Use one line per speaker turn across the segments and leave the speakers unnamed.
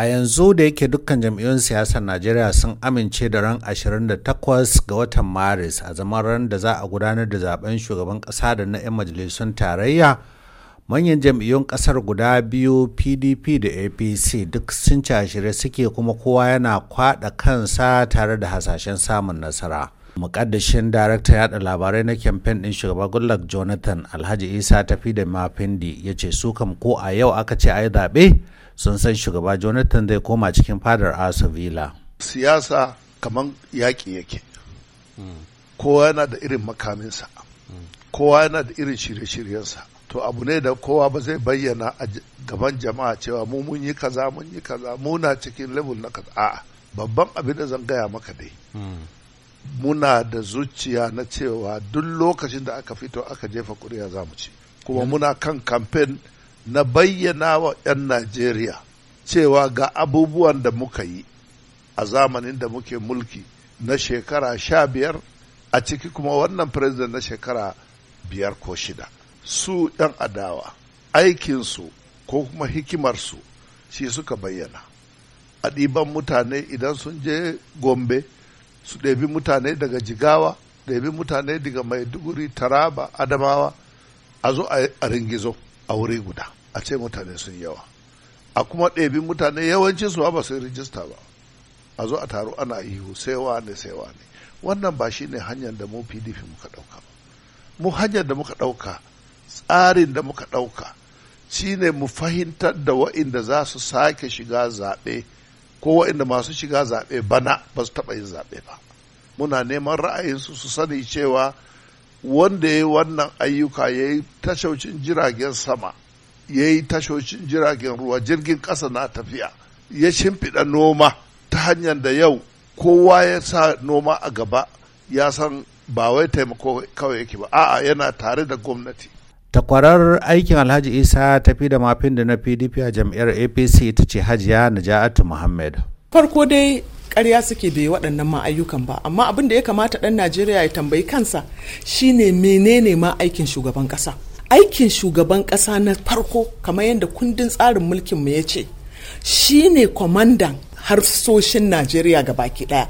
a yanzu da yake dukkan jam'iyyun siyasar najeriya sun amince da ran 28 ga watan maris a zaman ran da za a gudanar da zaben shugaban kasa da na 'yan majalisun tarayya manyan jam'iyyun kasar guda biyu pdp da apc duk sun cashire suke kuma kowa yana kwada kansa tare da hasashen samun nasara mukaddashin darakta yada labarai na kyamfen din shugaba goodluck jonathan alhaji isa tafi da mafindi ya ce su kam ko a yau aka ce a yi zaɓe sun san shugaba jonathan zai koma cikin fadar villa
siyasa kamar yaƙi yake kowa yana da irin makaminsa kowa yana da irin shirye-shiryensa to abu ne da kowa ba zai bayyana a gaban jama'a cewa mu mun yi kaza mun yi kaza muna cikin level na kaza a'a babban abin da zan gaya maka dai muna da zuciya na cewa duk lokacin da aka fito aka jefa kuri'a za mu ci kuma mm. muna kan kamfen na bayyana wa 'yan najeriya cewa ga abubuwan da muka yi a zamanin da muke mulki na shekara sha biyar a ciki kuma wannan president na shekara biyar ko shida su 'yan adawa aikinsu ko kuma hikimarsu shi suka bayyana a ɗiban mutane idan sun je gombe su ɗabi mutane daga jigawa ɗabi mutane daga maiduguri taraba adamawa a zo a ringizo a wuri guda a ce mutane sun yawa a kuma ɗabi mutane yawancin su ba su rijista ba a zo a taro ana ihu sai ne sai ne wannan ba shi ne hanyar da mu pdp muka ɗauka mu hanyar da muka ɗauka tsarin da muka ɗauka shine mu fahimtar da wa'inda za su sake shiga zaɓe ko waɗanda masu shiga zaɓe bana ba su taɓa yin zaɓe ba muna neman ra'ayinsu su sani cewa wanda ya yi wannan ayyuka ya yi tashocin jiragen sama ya yi tashocin jiragen ruwa jirgin ƙasa na tafiya ya shimfiɗa noma ta hanyar da yau kowa ya sa noma a gaba ya san ba wai taimako kawai yake ba a'a yana tare da gwamnati
takwarar aikin alhaji isa tafi da mafin da na pdp a jam'iyyar apc ita ce hajiya najatu muhammad
farko dai karya suke bai waɗannan ma'ayyukan ba amma abin da ya kamata ɗan najeriya ya tambayi kansa shine menene ma aikin shugaban ƙasa aikin shugaban ƙasa na farko kamar yadda kundin tsarin mulkin mu ya ce shine kwamandan harsoshin najeriya ga baki ɗaya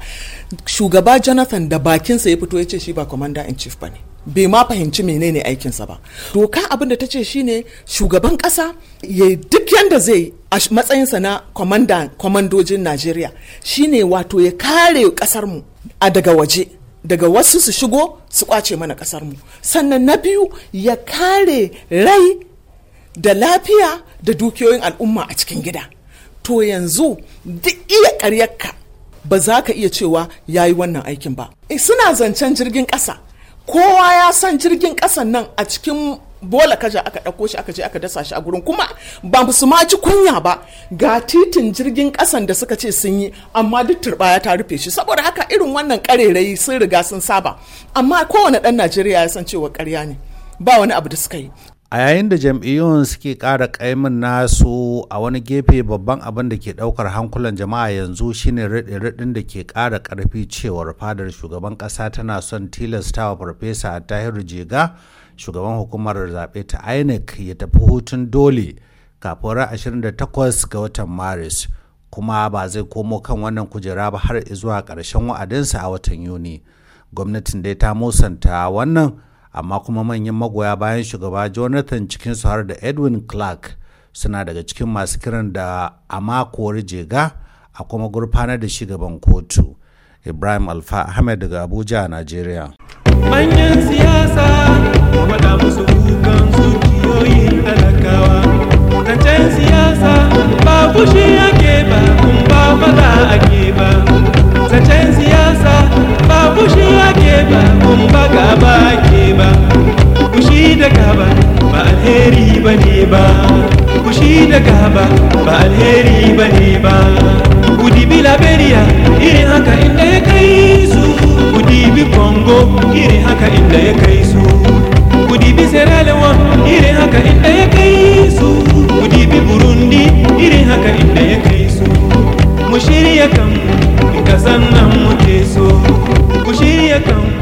shugaba jonathan da bakinsa ya fito ya ce shi ba kwamandan in chief ba ne bai ma fahimci menene aikinsa ba doka abin da ta ce shine shugaban kasa ya duk yanda zai a matsayinsa na kwamandojin najeriya shine wato ya kare kasarmu a daga waje daga wasu su shigo su kwace mana kasarmu sannan na biyu ya kare rai da lafiya da dukiyoyin al'umma a cikin gida to yanzu duk iya ka ba za ka iya cewa ya yi wannan aikin ba eh, suna zancen jirgin ƙasa kowa ya san jirgin ƙasan nan a cikin bola kaja aka ɗauko shi aka je aka dasa shi a gurin kuma ba su ma ci kunya ba ga titin jirgin ƙasan da suka ce sun yi amma duk turɓaya ta rufe shi saboda haka irin wannan ƙarerayi sun riga sun saba amma kowane ɗan najeriya ya san cewa karya ne ba wani abu da suka yi
a yayin da jam'iyyun suke ƙara ƙaimin nasu a wani gefe babban abin da ke ɗaukar hankulan jama'a yanzu shine raɗe-raɗin da ke ƙara ƙarfi cewar fadar shugaban ƙasa tana son tilastawa farfesa tahiru Jiga, shugaban hukumar zaɓe ta inec ya tafi hutun dole kafin ran 28 ga watan maris kuma ba zai komo kan wannan kujera ba har zuwa ƙarshen wa'adinsa a watan yuni gwamnatin dai ta musanta wannan amma kuma manyan magoya bayan shugaba jonathan cikinsu har da edwin clark suna daga cikin masu kiran da a mako jega a kuma gurfanar da shugaban kotu ibrahim alfa ahmed daga abuja a nigeria
manyan siyasa musu kukan zuciyoyi generalewa irin haka inda ya kai su burundi irin haka inda ya kai su mu shirya kan so ku shirya kan